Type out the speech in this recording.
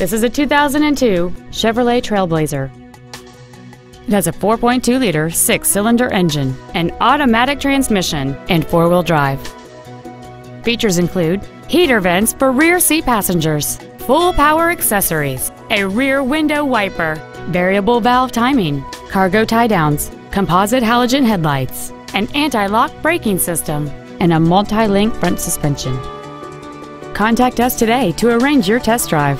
This is a 2002 Chevrolet Trailblazer. It has a 4.2-liter six-cylinder engine, an automatic transmission, and four-wheel drive. Features include heater vents for rear seat passengers, full power accessories, a rear window wiper, variable valve timing, cargo tie-downs, composite halogen headlights, an anti-lock braking system, and a multi-link front suspension. Contact us today to arrange your test drive.